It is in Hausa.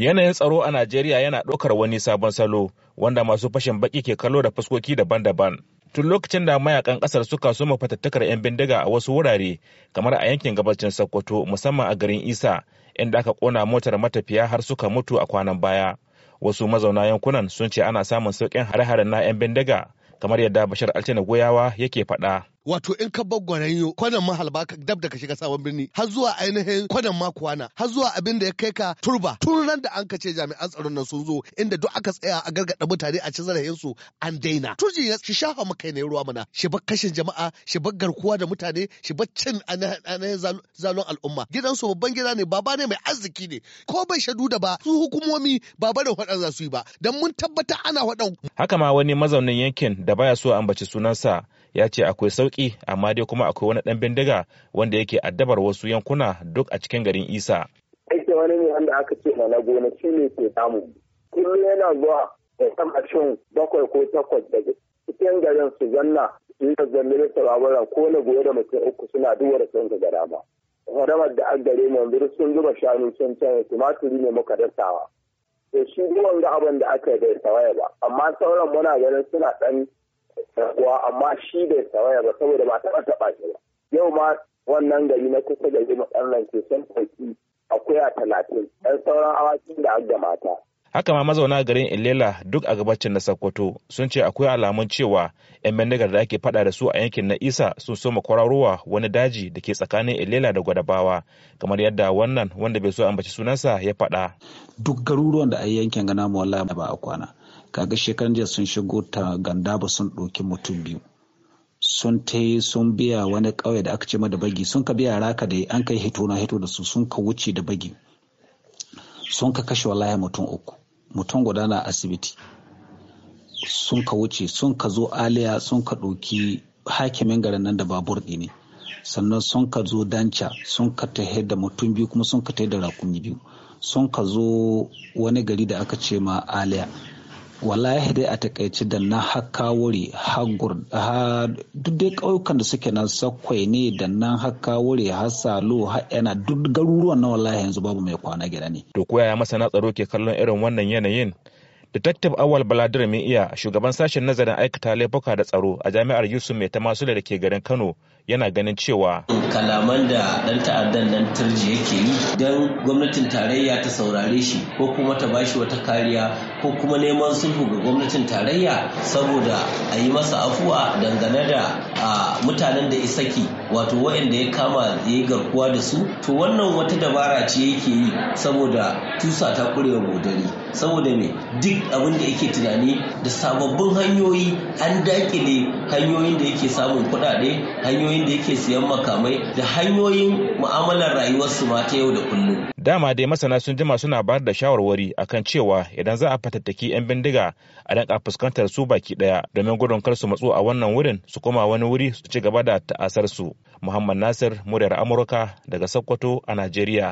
Yanayin tsaro a Najeriya yana ɗaukar wani sabon salo wanda masu fashin baki ke kallo da fuskoki daban-daban. Tun lokacin da mayakan ƙasar suka soma fatattakar 'yan bindiga a wasu wurare kamar a yankin gabacin Sokoto musamman a garin Isa inda aka ƙona motar matafiya har suka mutu a kwanan baya. Wasu mazauna yankunan sun ce ana samun sauƙin hare-haren na 'yan bindiga kamar yadda Bashar Altina Goyawa yake faɗa. wato in ka bar gwaranyo kwanan halba ka dab da ka shiga sabon birni har zuwa ainihin kwanan ma kwana har zuwa abin da ya kai ka turba tun ran da an ka ce jami'an tsaron nan sun zo inda duk aka tsaya a gargada mutane a ci zarafin su an daina turji ya shi shafa maka ne ruwa mana shi bar kashin jama'a shi bar garkuwa da mutane shi bar cin ainihin zalun al'umma gidansu babban gida ne baba ne mai arziki ne ko bai shadu da ba su hukumomi ba da faɗa za su yi ba don mun tabbata ana faɗan. haka ma wani mazaunin yankin da baya so ambaci sunansa ya ce akwai sauki amma dai kuma akwai wani dan bindiga wanda yake addabar wasu yankuna duk a cikin garin isa aiki wani ne wanda aka ce na shi ne ke samu kullum yana zuwa da kama bakwai ko takwas daga cikin garin su zanna su da zanne da babura ko na goye da mutum uku suna duwa da sun gada dama haramar da an gare mu yanzu sun zuba shanu sun canza tumaturi ne muka dasawa to shi ruwan ga abin da aka yi da waya ba amma sauran muna ganin suna ɗan. kuwa amma shi bai tsawaya ba saboda ba taɓa taɓa shi ba yau ma wannan gari na kusa gari matsalan ke sun a kuya talatin ɗan sauran awaki da da mata. Haka ma mazauna garin Ilela duk a gabacin na Sokoto sun ce akwai alamun cewa 'yan bindigar da ake fada da su a yankin na Isa sun soma kwararowa wani daji da ke tsakanin Ilela da Gwadabawa kamar yadda wannan wanda bai so ambaci sunansa ya fada. Duk garuruwan da a yankin gana mu wallahi ba a kwana. kaga shekaran jiya sun shigo ta ganda ba sun ɗauki mutum biyu sun ta sun biya wani ƙauye da aka ce da bagi sun ka biya raka da an kai hito na hito da su sun ka wuce da bagi sun ka kashe wallahi mutum uku mutum guda na asibiti sun ka wuce sun ka zo aliya sun ka ɗauki hakimin garin nan da babur ne sannan sun ka zo danca sun ka ta da mutum biyu kuma sun ka ta da rakumi biyu sun ka zo wani gari da aka ce ma aliya wallahi dai a takaici da na hakawuri duk dai ƙauyukan da suke nan sakwai ne da nan hakawuri ha yana duk garuruwan na wallahi yanzu babu mai kwana gida ne to koyaya masana tsaro ke kallon irin wannan yanayin Detective Awal Baladir iya shugaban sashen nazarin aikata laifuka da tsaro a jami'ar Yusuf Mai masu da ke garin Kano yana ganin cewa kalaman da dan ta'addan nan turji yake yi don gwamnatin tarayya ta saurare shi ko kuma ta bashi wata kariya ko kuma neman sulhu ga gwamnatin tarayya saboda a yi masa afuwa dangane da mutanen da isaki wato waɗanda ya kama ya yi garkuwa da su to wannan wata dabara ce yake yi saboda tusa ta kurewa godari saboda me duk abin da yake tunani da sababbin hanyoyi an dakile hanyoyin da yake samun kuɗaɗe hanyoyin da yake siyan makamai da hanyoyin mu'amalar rayuwarsu ma ta yau da kullum dama dai masana sun jima suna bayar da shawarwari akan cewa idan za a fatattaki 'yan bindiga a danka fuskantar su baki daya domin gudun kar su matsu a wannan wurin su koma wani wuri su ci gaba da ta'asar su muhammad nasir muryar amurka daga sokoto a najeriya